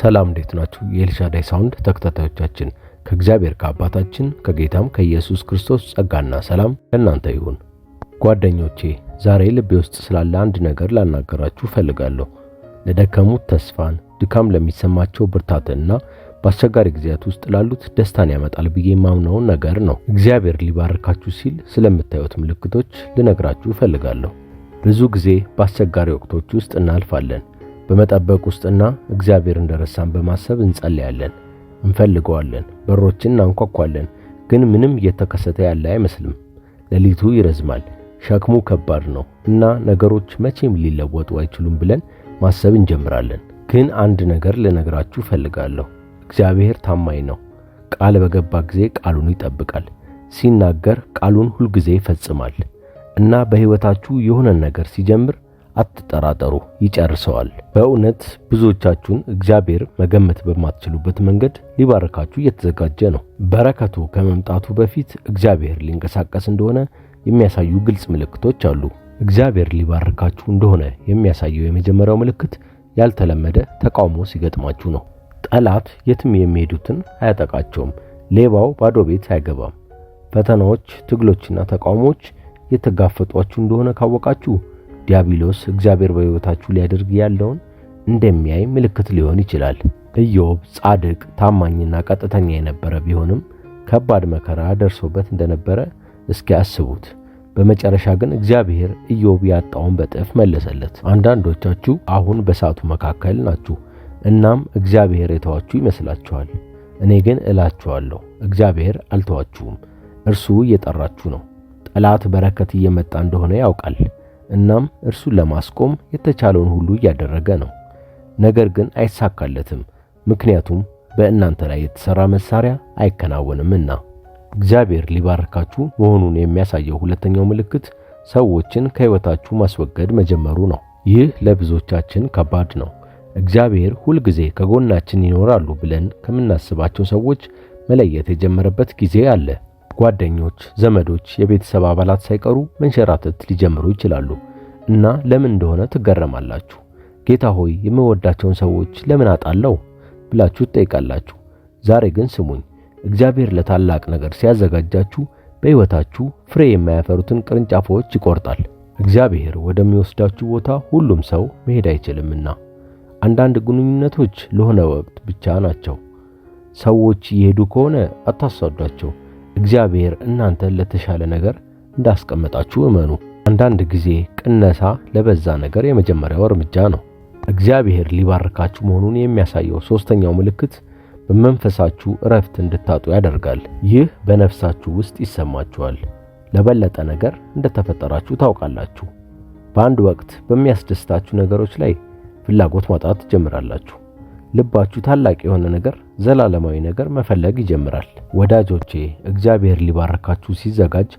ሰላም እንዴት ናችሁ? የኤልሻዳይ ሳውንድ ተከታታዮቻችን ከእግዚአብሔር ከአባታችን ከጌታም ከኢየሱስ ክርስቶስ ጸጋና ሰላም ለእናንተ ይሁን። ጓደኞቼ ዛሬ ልቤ ውስጥ ስላለ አንድ ነገር ላናገራችሁ ፈልጋለሁ። ለደከሙት ተስፋን፣ ድካም ለሚሰማቸው ብርታትንና በአስቸጋሪ ጊዜያት ውስጥ ላሉት ደስታን ያመጣል ብዬ የማምነውን ነገር ነው። እግዚአብሔር ሊባርካችሁ ሲል ስለምታዩት ምልክቶች ልነግራችሁ ፈልጋለሁ። ብዙ ጊዜ በአስቸጋሪ ወቅቶች ውስጥ እናልፋለን። በመጠበቅ ውስጥና እግዚአብሔር እንደረሳን በማሰብ እንጸልያለን፣ እንፈልገዋለን፣ በሮችን እናንኳኳለን። ግን ምንም እየተከሰተ ያለ አይመስልም። ሌሊቱ ይረዝማል፣ ሸክሙ ከባድ ነው እና ነገሮች መቼም ሊለወጡ አይችሉም ብለን ማሰብ እንጀምራለን። ግን አንድ ነገር ልነግራችሁ እፈልጋለሁ። እግዚአብሔር ታማኝ ነው። ቃል በገባ ጊዜ ቃሉን ይጠብቃል። ሲናገር ቃሉን ሁልጊዜ ይፈጽማል እና በሕይወታችሁ የሆነን ነገር ሲጀምር አትጠራጠሩ፣ ይጨርሰዋል። በእውነት ብዙዎቻችሁን እግዚአብሔር መገመት በማትችሉበት መንገድ ሊባርካችሁ እየተዘጋጀ ነው። በረከቱ ከመምጣቱ በፊት እግዚአብሔር ሊንቀሳቀስ እንደሆነ የሚያሳዩ ግልጽ ምልክቶች አሉ። እግዚአብሔር ሊባርካችሁ እንደሆነ የሚያሳየው የመጀመሪያው ምልክት ያልተለመደ ተቃውሞ ሲገጥማችሁ ነው። ጠላት የትም የሚሄዱትን አያጠቃቸውም። ሌባው ባዶ ቤት አይገባም። ፈተናዎች፣ ትግሎችና ተቃውሞዎች የተጋፈጧችሁ እንደሆነ ካወቃችሁ ዲያብሎስ እግዚአብሔር በሕይወታችሁ ሊያደርግ ያለውን እንደሚያይ ምልክት ሊሆን ይችላል። ኢዮብ ጻድቅ፣ ታማኝና ቀጥተኛ የነበረ ቢሆንም ከባድ መከራ ደርሶበት እንደነበረ እስኪ አስቡት። በመጨረሻ ግን እግዚአብሔር ኢዮብ ያጣውን በጥፍ መለሰለት። አንዳንዶቻችሁ አሁን በእሳቱ መካከል ናችሁ፣ እናም እግዚአብሔር የተዋችሁ ይመስላችኋል። እኔ ግን እላችኋለሁ እግዚአብሔር አልተዋችሁም፣ እርሱ እየጠራችሁ ነው። ጠላት በረከት እየመጣ እንደሆነ ያውቃል። እናም እርሱን ለማስቆም የተቻለውን ሁሉ እያደረገ ነው። ነገር ግን አይሳካለትም፣ ምክንያቱም በእናንተ ላይ የተሰራ መሳሪያ አይከናወንምና። እግዚአብሔር ሊባርካችሁ መሆኑን የሚያሳየው ሁለተኛው ምልክት ሰዎችን ከሕይወታችሁ ማስወገድ መጀመሩ ነው። ይህ ለብዙዎቻችን ከባድ ነው። እግዚአብሔር ሁልጊዜ ከጎናችን ይኖራሉ ብለን ከምናስባቸው ሰዎች መለየት የጀመረበት ጊዜ አለ። ጓደኞች፣ ዘመዶች፣ የቤተሰብ አባላት ሳይቀሩ መንሸራተት ሊጀምሩ ይችላሉ። እና ለምን እንደሆነ ትገረማላችሁ። ጌታ ሆይ የምወዳቸውን ሰዎች ለምን አጣለው ብላችሁ ትጠይቃላችሁ። ዛሬ ግን ስሙኝ፣ እግዚአብሔር ለታላቅ ነገር ሲያዘጋጃችሁ በሕይወታችሁ ፍሬ የማያፈሩትን ቅርንጫፎች ይቆርጣል። እግዚአብሔር ወደሚወስዳችሁ ቦታ ሁሉም ሰው መሄድ አይችልምና አንዳንድ ግንኙነቶች ለሆነ ወቅት ብቻ ናቸው። ሰዎች እየሄዱ ከሆነ አታሳዷቸው። እግዚአብሔር እናንተን ለተሻለ ነገር እንዳስቀመጣችሁ እመኑ። አንዳንድ ጊዜ ቅነሳ ለበዛ ነገር የመጀመሪያው እርምጃ ነው። እግዚአብሔር ሊባርካችሁ መሆኑን የሚያሳየው ሶስተኛው ምልክት በመንፈሳችሁ እረፍት እንድታጡ ያደርጋል። ይህ በነፍሳችሁ ውስጥ ይሰማችኋል። ለበለጠ ነገር እንደተፈጠራችሁ ታውቃላችሁ። በአንድ ወቅት በሚያስደስታችሁ ነገሮች ላይ ፍላጎት ማጣት ትጀምራላችሁ። ልባችሁ ታላቅ የሆነ ነገር፣ ዘላለማዊ ነገር መፈለግ ይጀምራል። ወዳጆቼ፣ እግዚአብሔር ሊባርካችሁ ሲዘጋጅ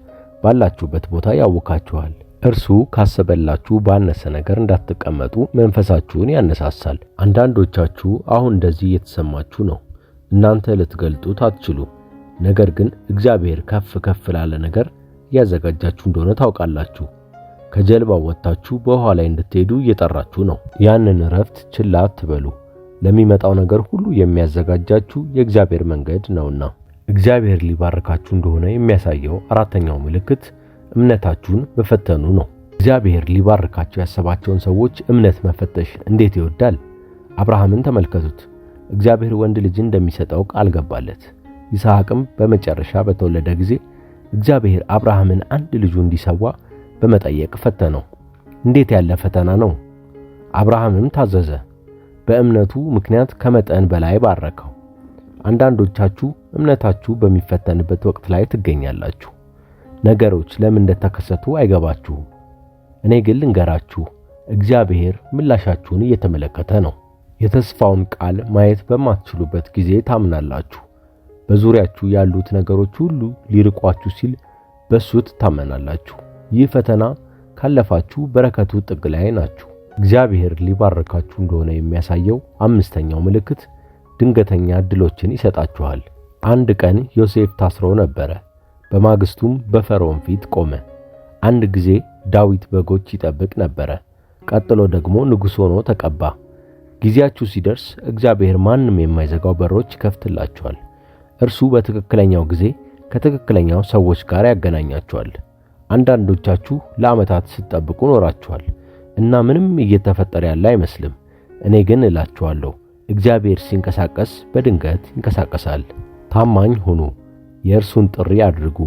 ባላችሁበት ቦታ ያውካችኋል። እርሱ ካሰበላችሁ ባነሰ ነገር እንዳትቀመጡ መንፈሳችሁን ያነሳሳል። አንዳንዶቻችሁ አሁን እንደዚህ እየተሰማችሁ ነው። እናንተ ልትገልጡት አትችሉም ነገር ግን እግዚአብሔር ከፍ ከፍ ላለ ነገር እያዘጋጃችሁ እንደሆነ ታውቃላችሁ። ከጀልባው ወጥታችሁ በውሃ ላይ እንድትሄዱ እየጠራችሁ ነው። ያንን እረፍት ችላ አትበሉ፣ ለሚመጣው ነገር ሁሉ የሚያዘጋጃችሁ የእግዚአብሔር መንገድ ነውና። እግዚአብሔር ሊባርካችሁ እንደሆነ የሚያሳየው አራተኛው ምልክት እምነታችሁን መፈተኑ ነው። እግዚአብሔር ሊባርካቸው ያሰባቸውን ሰዎች እምነት መፈተሽ እንዴት ይወዳል! አብርሃምን ተመልከቱት። እግዚአብሔር ወንድ ልጅ እንደሚሰጠው ቃል ገባለት። ይስሐቅም በመጨረሻ በተወለደ ጊዜ እግዚአብሔር አብርሃምን አንድ ልጁ እንዲሰዋ በመጠየቅ ፈተነው። እንዴት ያለ ፈተና ነው! አብርሃምም ታዘዘ። በእምነቱ ምክንያት ከመጠን በላይ ባረከው። አንዳንዶቻችሁ እምነታችሁ በሚፈተንበት ወቅት ላይ ትገኛላችሁ። ነገሮች ለምን እንደተከሰቱ አይገባችሁም። እኔ ግን ልንገራችሁ፣ እግዚአብሔር ምላሻችሁን እየተመለከተ ነው። የተስፋውን ቃል ማየት በማትችሉበት ጊዜ ታምናላችሁ። በዙሪያችሁ ያሉት ነገሮች ሁሉ ሊርቋችሁ ሲል በሱ ትታመናላችሁ። ይህ ፈተና ካለፋችሁ በረከቱ ጥግ ላይ ናችሁ። እግዚአብሔር ሊባርካችሁ እንደሆነ የሚያሳየው አምስተኛው ምልክት ድንገተኛ እድሎችን ይሰጣችኋል። አንድ ቀን ዮሴፍ ታስሮ ነበረ። በማግስቱም በፈርዖን ፊት ቆመ። አንድ ጊዜ ዳዊት በጎች ይጠብቅ ነበረ። ቀጥሎ ደግሞ ንጉሥ ሆኖ ተቀባ። ጊዜያችሁ ሲደርስ እግዚአብሔር ማንም የማይዘጋው በሮች ይከፍትላችኋል። እርሱ በትክክለኛው ጊዜ ከትክክለኛው ሰዎች ጋር ያገናኛችኋል። አንዳንዶቻችሁ ለዓመታት ስትጠብቁ ኖራችኋል እና ምንም እየተፈጠረ ያለ አይመስልም። እኔ ግን እላችኋለሁ እግዚአብሔር ሲንቀሳቀስ በድንገት ይንቀሳቀሳል። ታማኝ ሁኑ፣ የእርሱን ጥሪ አድርጉ።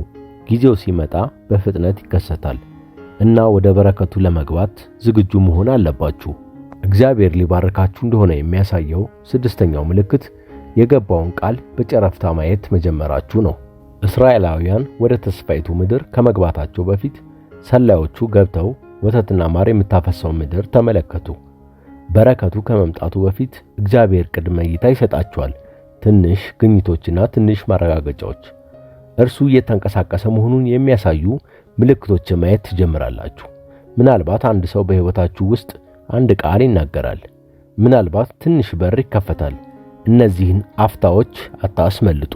ጊዜው ሲመጣ በፍጥነት ይከሰታል እና ወደ በረከቱ ለመግባት ዝግጁ መሆን አለባችሁ። እግዚአብሔር ሊባርካችሁ እንደሆነ የሚያሳየው ስድስተኛው ምልክት የገባውን ቃል በጨረፍታ ማየት መጀመራችሁ ነው። እስራኤላውያን ወደ ተስፋይቱ ምድር ከመግባታቸው በፊት ሰላዮቹ ገብተው ወተትና ማር የምታፈሰው ምድር ተመለከቱ። በረከቱ ከመምጣቱ በፊት እግዚአብሔር ቅድመ እይታ ይሰጣቸዋል። ትንሽ ግኝቶችና ትንሽ ማረጋገጫዎች እርሱ እየተንቀሳቀሰ መሆኑን የሚያሳዩ ምልክቶች ማየት ትጀምራላችሁ። ምናልባት አንድ ሰው በሕይወታችሁ ውስጥ አንድ ቃል ይናገራል። ምናልባት ትንሽ በር ይከፈታል። እነዚህን አፍታዎች አታስመልጡ።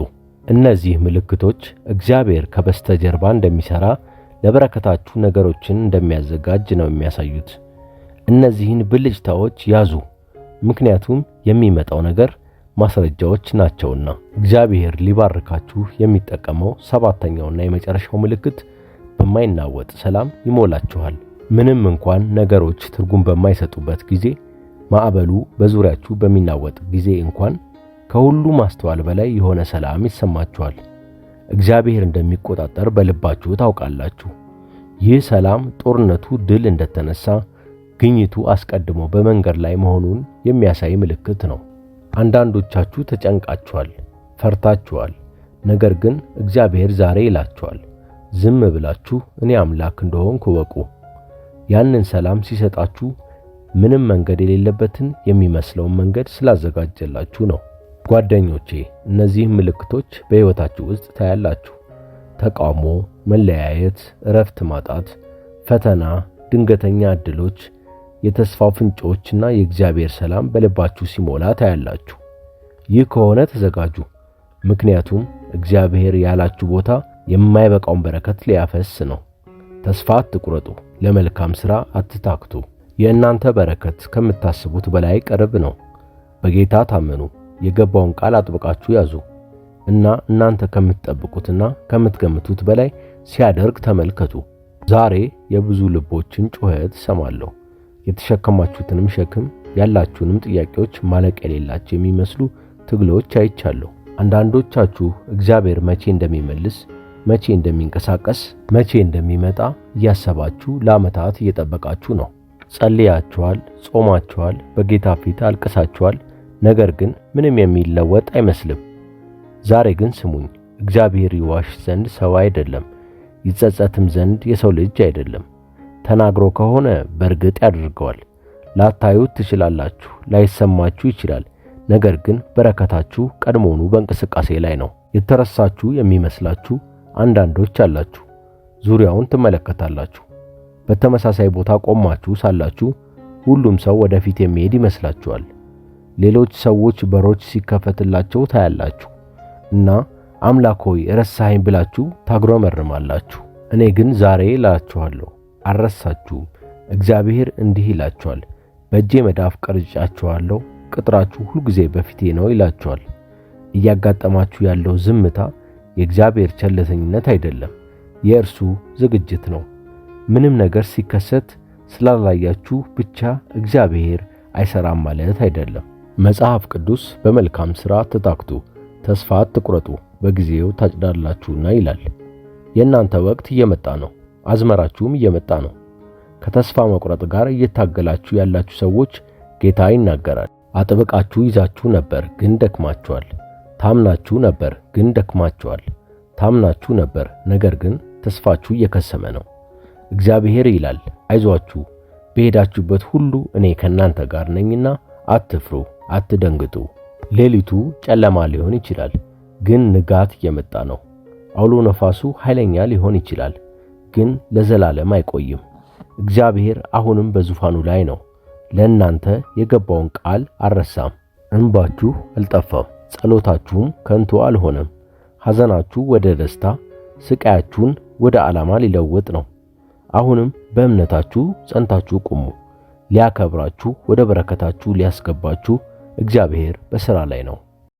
እነዚህ ምልክቶች እግዚአብሔር ከበስተጀርባ እንደሚሰራ ለበረከታችሁ ነገሮችን እንደሚያዘጋጅ ነው የሚያሳዩት። እነዚህን ብልጭታዎች ያዙ፣ ምክንያቱም የሚመጣው ነገር ማስረጃዎች ናቸውና። እግዚአብሔር ሊባርካችሁ የሚጠቀመው ሰባተኛውና የመጨረሻው ምልክት በማይናወጥ ሰላም ይሞላችኋል። ምንም እንኳን ነገሮች ትርጉም በማይሰጡበት ጊዜ፣ ማዕበሉ በዙሪያችሁ በሚናወጥ ጊዜ እንኳን ከሁሉ ማስተዋል በላይ የሆነ ሰላም ይሰማችኋል። እግዚአብሔር እንደሚቆጣጠር በልባችሁ ታውቃላችሁ። ይህ ሰላም ጦርነቱ ድል እንደተነሳ ግኝቱ አስቀድሞ በመንገድ ላይ መሆኑን የሚያሳይ ምልክት ነው። አንዳንዶቻችሁ ተጨንቃችኋል፣ ፈርታችኋል። ነገር ግን እግዚአብሔር ዛሬ ይላችኋል፣ ዝም ብላችሁ እኔ አምላክ እንደሆንኩ እወቁ። ያንን ሰላም ሲሰጣችሁ ምንም መንገድ የሌለበትን የሚመስለውን መንገድ ስላዘጋጀላችሁ ነው። ጓደኞቼ፣ እነዚህ ምልክቶች በሕይወታችሁ ውስጥ ታያላችሁ። ተቃውሞ፣ መለያየት፣ እረፍት ማጣት፣ ፈተና፣ ድንገተኛ ዕድሎች፣ የተስፋው ፍንጮችና የእግዚአብሔር ሰላም በልባችሁ ሲሞላ ታያላችሁ። ይህ ከሆነ ተዘጋጁ፣ ምክንያቱም እግዚአብሔር ያላችሁ ቦታ የማይበቃውን በረከት ሊያፈስ ነው። ተስፋ አትቁረጡ፣ ለመልካም ሥራ አትታክቱ። የእናንተ በረከት ከምታስቡት በላይ ቅርብ ነው። በጌታ ታመኑ፣ የገባውን ቃል አጥብቃችሁ ያዙ እና እናንተ ከምትጠብቁትና ከምትገምቱት በላይ ሲያደርግ ተመልከቱ። ዛሬ የብዙ ልቦችን ጩኸት እሰማለሁ። የተሸከማችሁትንም ሸክም ያላችሁንም ጥያቄዎች ማለቅ የሌላቸው የሚመስሉ ትግሎች አይቻለሁ። አንዳንዶቻችሁ እግዚአብሔር መቼ እንደሚመልስ፣ መቼ እንደሚንቀሳቀስ፣ መቼ እንደሚመጣ እያሰባችሁ ለዓመታት እየጠበቃችሁ ነው። ጸልያችኋል፣ ጾማችኋል፣ በጌታ ፊት አልቅሳችኋል። ነገር ግን ምንም የሚለወጥ አይመስልም። ዛሬ ግን ስሙኝ፣ እግዚአብሔር ይዋሽ ዘንድ ሰው አይደለም፣ ይጸጸትም ዘንድ የሰው ልጅ አይደለም። ተናግሮ ከሆነ በእርግጥ ያደርገዋል። ላታዩት ትችላላችሁ፣ ላይሰማችሁ ይችላል። ነገር ግን በረከታችሁ ቀድሞውኑ በእንቅስቃሴ ላይ ነው። የተረሳችሁ የሚመስላችሁ አንዳንዶች አላችሁ። ዙሪያውን ትመለከታላችሁ። በተመሳሳይ ቦታ ቆማችሁ ሳላችሁ ሁሉም ሰው ወደፊት የሚሄድ ይመስላችኋል። ሌሎች ሰዎች በሮች ሲከፈትላቸው ታያላችሁ እና አምላክ ሆይ ረሳኸኝ ብላችሁ ታግሮመርማላችሁ እኔ ግን ዛሬ እላችኋለሁ አልረሳችሁም። እግዚአብሔር እንዲህ ይላቸዋል፣ በእጄ መዳፍ ቀርጫችኋለሁ፣ ቅጥራችሁ ሁልጊዜ በፊቴ ነው ይላቸዋል። እያጋጠማችሁ ያለው ዝምታ የእግዚአብሔር ቸለተኝነት አይደለም፣ የእርሱ ዝግጅት ነው። ምንም ነገር ሲከሰት ስላላያችሁ ብቻ እግዚአብሔር አይሰራም ማለት አይደለም። መጽሐፍ ቅዱስ በመልካም ሥራ ተታክቱ፣ ተስፋ አትቁረጡ፣ በጊዜው ታጭዳላችሁና ይላል። የእናንተ ወቅት እየመጣ ነው። አዝመራችሁም እየመጣ ነው። ከተስፋ መቁረጥ ጋር እየታገላችሁ ያላችሁ ሰዎች ጌታ ይናገራል። አጥብቃችሁ ይዛችሁ ነበር ግን ደክማችኋል። ታምናችሁ ነበር ግን ደክማችኋል። ታምናችሁ ነበር ነገር ግን ተስፋችሁ እየከሰመ ነው። እግዚአብሔር ይላል አይዟችሁ፣ በሄዳችሁበት ሁሉ እኔ ከናንተ ጋር ነኝና አትፍሩ፣ አትደንግጡ። ሌሊቱ ጨለማ ሊሆን ይችላል፣ ግን ንጋት እየመጣ ነው። አውሎ ነፋሱ ኃይለኛ ሊሆን ይችላል ግን ለዘላለም አይቆይም። እግዚአብሔር አሁንም በዙፋኑ ላይ ነው። ለእናንተ የገባውን ቃል አልረሳም። እንባችሁ አልጠፋም፣ ጸሎታችሁም ከንቱ አልሆነም። ሐዘናችሁ ወደ ደስታ፣ ስቃያችሁን ወደ ዓላማ ሊለውጥ ነው። አሁንም በእምነታችሁ ጸንታችሁ ቁሙ። ሊያከብራችሁ፣ ወደ በረከታችሁ ሊያስገባችሁ እግዚአብሔር በሥራ ላይ ነው።